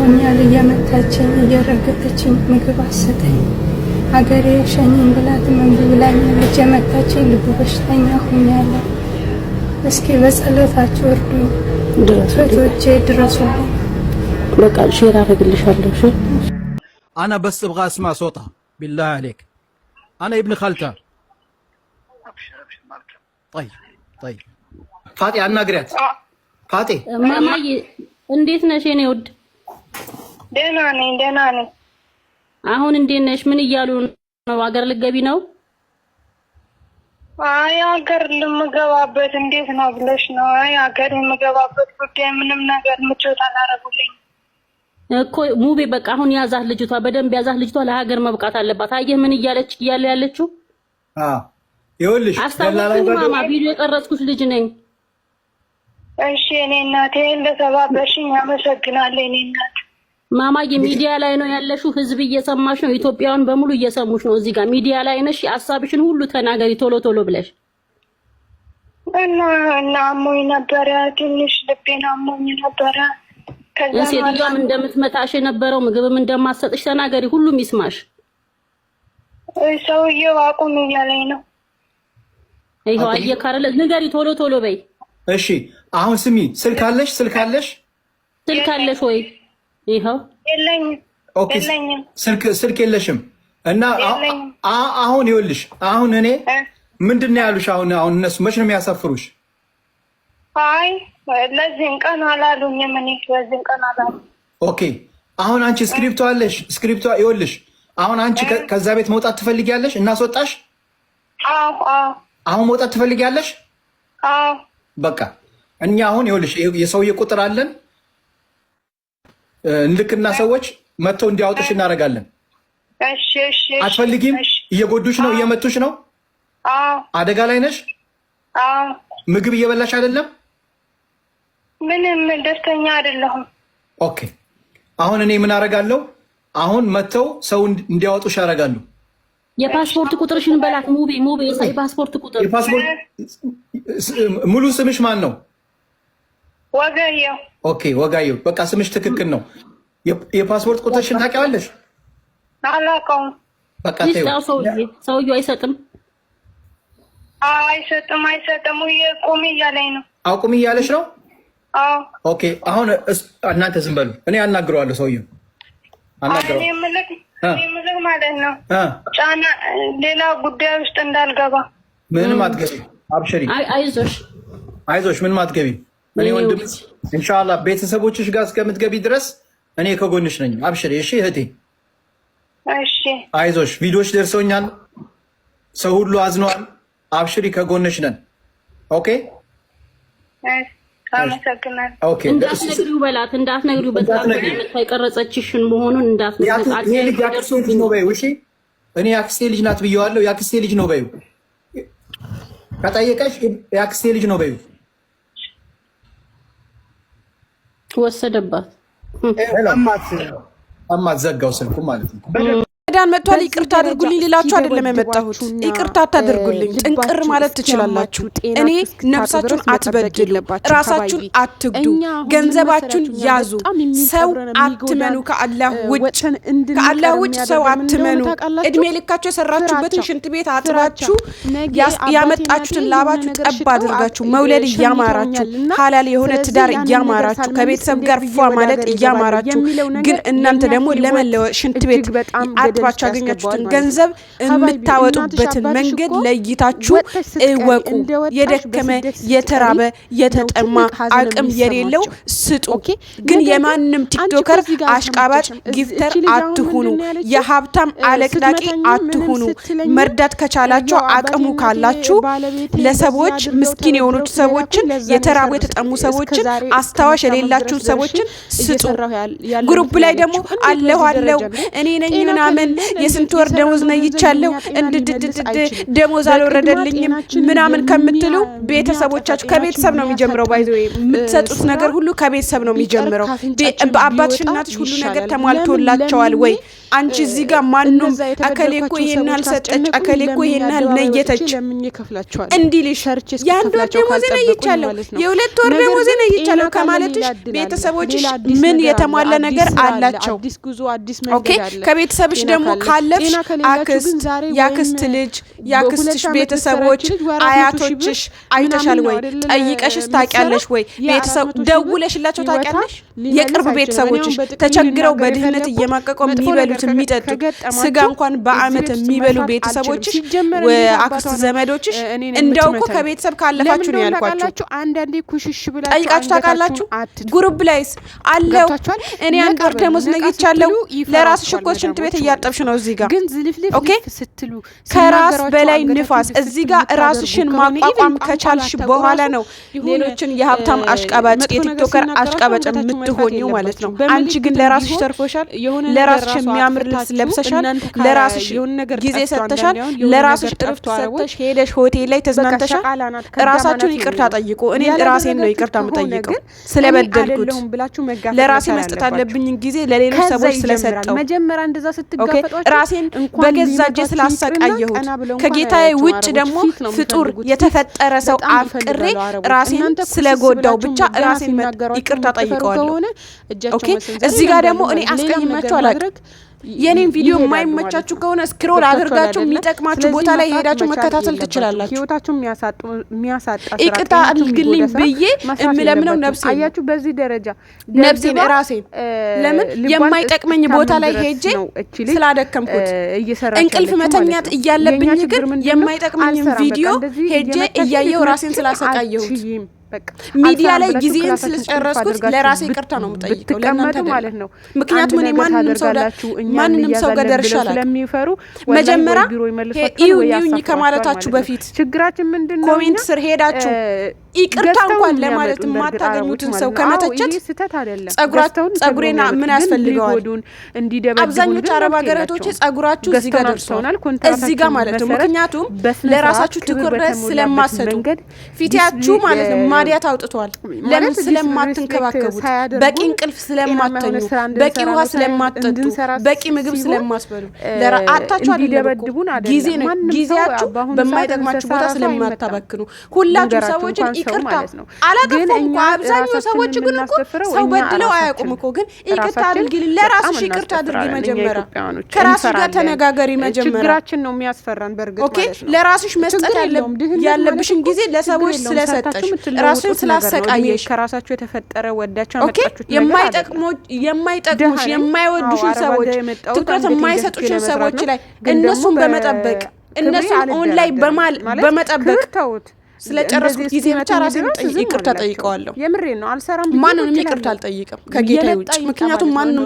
አርጎኛል እየመታችኝ እየረገጠችኝ ምግብ አሰጠኝ። ሀገሬ ሸኝን ብላት መንገብ ላይ ልጅ የመታችኝ ልብ በሽተኛ ሆኛለሁ። እስኪ በጸሎታችሁ እርዱ፣ ቶቼ ድረሱ። በቃ ሼር አደርግልሻለሁ። እሺ አና በስ ብቃ እስማ ሶጣ ቢላህ አሌክ አና ኢብን ኸልታ ፋጤ አናግሪያት ፋጤ ማማዬ እንዴት ነሽ የኔ ውድ ደህና ነኝ፣ ደህና ነኝ። አሁን እንዴት ነሽ? ምን እያሉ ነው? ሀገር ልገቢ ነው? አይ አገር ልምገባበት እንዴት ነው ብለሽ ነው? አይ አገር የምገባበት ጉዳይ ምንም ነገር ምቾት አላረጉልኝ እኮ ሙቤ። በቃ አሁን ያዛት ልጅቷ፣ በደንብ ያዛት ልጅቷ። ለሀገር መብቃት አለባት። አየህ ምን እያለች እያለ ያለችው ይኸውልሽ፣ አስታውቂኝ ማማ፣ ቪዲዮ የቀረጽኩት ልጅ ነኝ። እሺ እኔ እናቴ፣ እንደተባበሽኝ አመሰግናለሁ። እኔ እናቴ ማማዬ ሚዲያ ላይ ነው ያለሽው። ህዝብ እየሰማሽ ነው። ኢትዮጵያውን በሙሉ እየሰሙሽ ነው። እዚህ ጋር ሚዲያ ላይ ነሽ። ሀሳብሽን ሁሉ ተናገሪ ቶሎ ቶሎ ብለሽ እና አሞኝ ነበረ ትንሽ ልቤን አሞኝ ነበረ። ሴትዮዋም እንደምትመታሽ የነበረው ምግብም እንደማሰጥሽ ተናገሪ። ሁሉም ይስማሽ። ሰውዬው አቁም እያለኝ ነው። ይኸው አየህ አይደለ? ንገሪ ቶሎ ቶሎ በይ። እሺ አሁን ስሚ፣ ስልክ አለሽ? ስልክ አለሽ? ስልክ አለሽ ወይ? ይኸው ስልክ የለሽም እና አሁን ይኸውልሽ፣ አሁን እኔ ምንድን ነው ያሉሽ? አሁን አሁን እነሱ መች ነው የሚያሳፍሩሽ? አይ ለዚህም ቀን አላሉኝም። እኔ ለዚህም ቀን አላሉ። ኦኬ አሁን አንቺ ስክሪፕቶ አለሽ? ስክሪፕቶ ይኸውልሽ፣ አሁን አንቺ ከዛ ቤት መውጣት ትፈልጊያለሽ? እናስወጣሽ። አሁን መውጣት ትፈልጊያለሽ? በቃ እኛ አሁን ይኸውልሽ፣ የሰውዬ ቁጥር አለን እንልክና ሰዎች መጥተው እንዲያወጡሽ እናደርጋለን። አትፈልጊም? እየጎዱሽ ነው፣ እየመቱሽ ነው፣ አደጋ ላይ ነሽ። ምግብ እየበላሽ አይደለም። ምንም ደስተኛ አይደለሁም። ኦኬ፣ አሁን እኔ ምን አደርጋለሁ? አሁን መጥተው ሰው እንዲያወጡሽ አደርጋለሁ። የፓስፖርት ቁጥርሽን በላት። ሙቤ ሙቤ፣ የፓስፖርት ቁጥር ሙሉ ስምሽ ማን ነው? ወገየው ኦኬ ወጋየሁ በቃ ስምሽ ትክክል ነው። የፓስፖርት ቁጥርሽን ታውቂዋለሽ? አላውቀውም። በቃ ሰውዬው አይሰጥም አይሰጥም አይሰጥም። ቁሚ እያለኝ ነው። አዎ ቁሚ እያለሽ ነው። ኦኬ አሁን እናንተ ዝም በሉ፣ እኔ አናግረዋለሁ። ሰውዬው ምልክ ማለት ነው ጫና፣ ሌላ ጉዳይ ውስጥ እንዳልገባ ምንም አትገቢ። አብሽሪ፣ አይዞሽ፣ አይዞሽ፣ ምንም አትገቢም እኔ ወንድም ቤተሰቦችሽ ጋር እስከምትገቢ ድረስ እኔ ከጎንሽ ነኝ። አብሽር እሺ እህቴ፣ አይዞሽ። ቪዲዮች ደርሰውኛል፣ ሰው ሁሉ አዝኗል። አብሽሪ፣ ከጎንሽ ነን። ኦኬ እኔ የአክስቴ ልጅ ናት ብየዋለሁ። የአክስቴ ልጅ ነው በይው። ከጠየቀሽ የአክስቴ ልጅ ነው በይው። ወሰደባት። ጠማት ዘጋው ስልኩ ማለት ነው። ዳን መጥቷል። ይቅርታ አድርጉልኝ ሌላችሁ አይደለም የመጣሁት። ይቅርታ አታድርጉልኝ። ጥንቅር ማለት ትችላላችሁ። እኔ ነፍሳችሁን አትበድሉ፣ ራሳችሁን አትግዱ፣ ገንዘባችሁን ያዙ፣ ሰው አትመኑ። ከአላህ ውጭ ከአላህ ውጭ ሰው አትመኑ። እድሜ ልካችሁ የሰራችሁበትን ሽንት ቤት አጥራችሁ ያመጣችሁትን ላባችሁ ጠብ አድርጋችሁ መውለድ እያማራችሁ ሀላል የሆነ ትዳር እያማራችሁ ከቤተሰብ ጋር ፏ ማለት እያማራችሁ፣ ግን እናንተ ደግሞ ለመለወጥ ሽንት ቤት አግኝታችሁ ያገኛችሁትን ገንዘብ የምታወጡበትን መንገድ ለይታችሁ እወቁ። የደከመ የተራበ የተጠማ አቅም የሌለው ስጡ። ግን የማንም ቲክቶከር አሽቃባጭ ጊፍተር አትሁኑ። የሀብታም አለቅላቂ አትሁኑ። መርዳት ከቻላችሁ አቅሙ ካላችሁ ለሰዎች ምስኪን የሆኑት ሰዎችን፣ የተራቡ የተጠሙ ሰዎችን፣ አስታዋሽ የሌላችሁን ሰዎችን ስጡ። ግሩፕ ላይ ደግሞ አለሁ አለው እኔ ነኝ ምናምን የስንት ወር ደሞዝ ነይቻለሁ እንድድድድ ደሞዝ አልወረደልኝም ምናምን ከምትሉ ቤተሰቦቻችሁ ከቤተሰብ ነው የሚጀምረው። ባይዘ የምትሰጡት ነገር ሁሉ ከቤተሰብ ነው የሚጀምረው። በአባትሽ እናትሽ ሁሉ ነገር ተሟልቶላቸዋል ወይ? አንቺ እዚህ ጋር ማንም አከሌ እኮ ይሄን አልሰጠች፣ አከሌ እኮ ይሄን አልነየተች እንዲህ ልሽ የአንድ ወር ደሞዜ ነይቻለሁ፣ የሁለት ወር ደሞዜ ነይቻለሁ ከማለትሽ ቤተሰቦችሽ ምን የተሟላ ነገር አላቸው? ኦኬ ከቤተሰብሽ ደግሞ ካለፍሽ አክስት፣ የአክስት ልጅ፣ የአክስትሽ ቤተሰቦች፣ አያቶችሽ አይተሻል ወይ? ጠይቀሽስ ታውቂያለሽ ወይ? ቤተሰብ ደውለሽላቸው ታውቂያለሽ? የቅርብ ቤተሰቦችሽ ተቸግረው በድህነት እየማቀቀው የሚበሉት የሚበሉት የሚጠጡ ስጋ እንኳን በአመት የሚበሉ ቤተሰቦችሽ አክስት ዘመዶችሽ፣ እንደው እኮ ከቤተሰብ ካለፋችሁ ነው ያልኳችሁ። ጠይቃችሁ ታውቃላችሁ? ጉሩብ ላይስ አለው። እኔ አንድ ወር ደሞዝ ነግቻለሁ። ለራስሽ እኮ ሽንት ቤት እያጠብሽ ነው እዚህ ጋር። ኦኬ ከራስ በላይ ንፋስ እዚህ ጋር ራስሽን ማቋቋም ከቻልሽ በኋላ ነው ሌሎችን የሀብታም አሽቃባጭ የቲክቶከር አሽቃባጭ የምትሆኝው ማለት ነው። አንቺ ግን ለራስሽ ተርፎሻል። ለራስሽ የሚያ የሚያምር ልብስ ለብሰሻል። ለራስሽ ጊዜ ሰጥተሻል። ለራስሽ እረፍት ሰጥተሽ ሄደሽ ሆቴል ላይ ተዝናንተሻል። ራሳችሁን ይቅርታ ጠይቁ። እኔ ራሴን ነው ይቅርታ የምጠይቀው ስለበደልኩት። ለራሴ መስጠት አለብኝን ጊዜ ለሌሎች ሰዎች ስለሰጠው ራሴን በገዛ እጄ ስላሰቃየሁት ከጌታዬ ውጭ ደግሞ ፍጡር የተፈጠረ ሰው አፍቅሬ ራሴን ስለጎዳው ብቻ ራሴን ይቅርታ ጠይቀዋለሁ። እዚህ ጋር ደግሞ እኔ አስቀይማቸው አላውቅም። የኔን ቪዲዮ የማይመቻችሁ ከሆነ ስክሮል አድርጋችሁ የሚጠቅማችሁ ቦታ ላይ ሄዳችሁ መከታተል ትችላላችሁ። ህይወታችሁ የሚያሳጣ ይቅርታ አድርግልኝ ብዬ የምለምነው ነብሴ አያችሁ፣ በዚህ ደረጃ ነብሴ ራሴ ለምን የማይጠቅመኝ ቦታ ላይ ሄጄ ስላደከምኩት እንቅልፍ መተኛት እያለብኝ ግን የማይጠቅመኝን ቪዲዮ ሄጄ እያየው ራሴን ስላሰቃየሁት ሚዲያ ላይ ጊዜን ስለጨረስኩት ለራሴ ይቅርታ ነው የምጠይቀው ለእናንተ ማለት ነው። ምክንያቱም እኔ ማንንም ሰው ጋር ደርሼ አላውቅም። መጀመሪያ ይሁኝ ይሁኝ ከማለታችሁ በፊት ችግራችን ምንድን ነው ኮሜንት ስር ሄዳችሁ ይቅርታ እንኳን ለማለት የማታገኙትን ሰው ከመተቸት ጸጉራቸውን ጸጉሬና ምን ያስፈልገዋል? አብዛኞቹ አረብ ሀገራቶች ጸጉራችሁ እዚህ ጋር ደርሰዋል፣ እዚህ ጋር ማለት ነው። ምክንያቱም ለራሳችሁ ትኩረት ስለማሰጡ ፊትያችሁ ማለት ነው ማዲያት አውጥቷል። ለምን ስለማትንከባከቡት፣ በቂ እንቅልፍ ስለማተኙ፣ በቂ ውሃ ስለማትጠጡ፣ በቂ ምግብ ስለማትበሉ አታችሁ አደለበቁ ጊዜ ነው ጊዜያችሁ በማይጠቅማችሁ ቦታ ስለማታበክኑ ሁላችሁ ሰዎችን ሰው አላጠፉም እኮ አብዛኛው ሰዎች ግን እኮ ሰው በድለው አያውቁም እኮ። ግን ይቅርታ አድርጊ፣ ለራስሽ ይቅርታ አድርጊ። መጀመሪያ ከራስሽ ጋር ተነጋገሪ። መጀመሪያ ችግራችን ነው የሚያስፈራን። በእርግጥ ኦኬ፣ ለራስሽ መስጠት ያለብሽን ጊዜ ለሰዎች ስለሰጠሽ ራስሽን ስላሰቃየሽ ከራሳቸው የተፈጠረ ወዳቸው የማይጠቅሙሽ የማይወዱሽን ሰዎች ትኩረት የማይሰጡሽን ሰዎች ላይ እነሱን በመጠበቅ እነሱን ኦን በማል በመጠበቅ ተውት። ስለጨረስኩት ጊዜ ብቻ ራሴን ይቅርታ ጠይቀዋለሁ። የምሬ ነው። አልሰራም። ማንንም ይቅርታ አልጠይቅም ከጌታ ውጭ። ምክንያቱም ማንም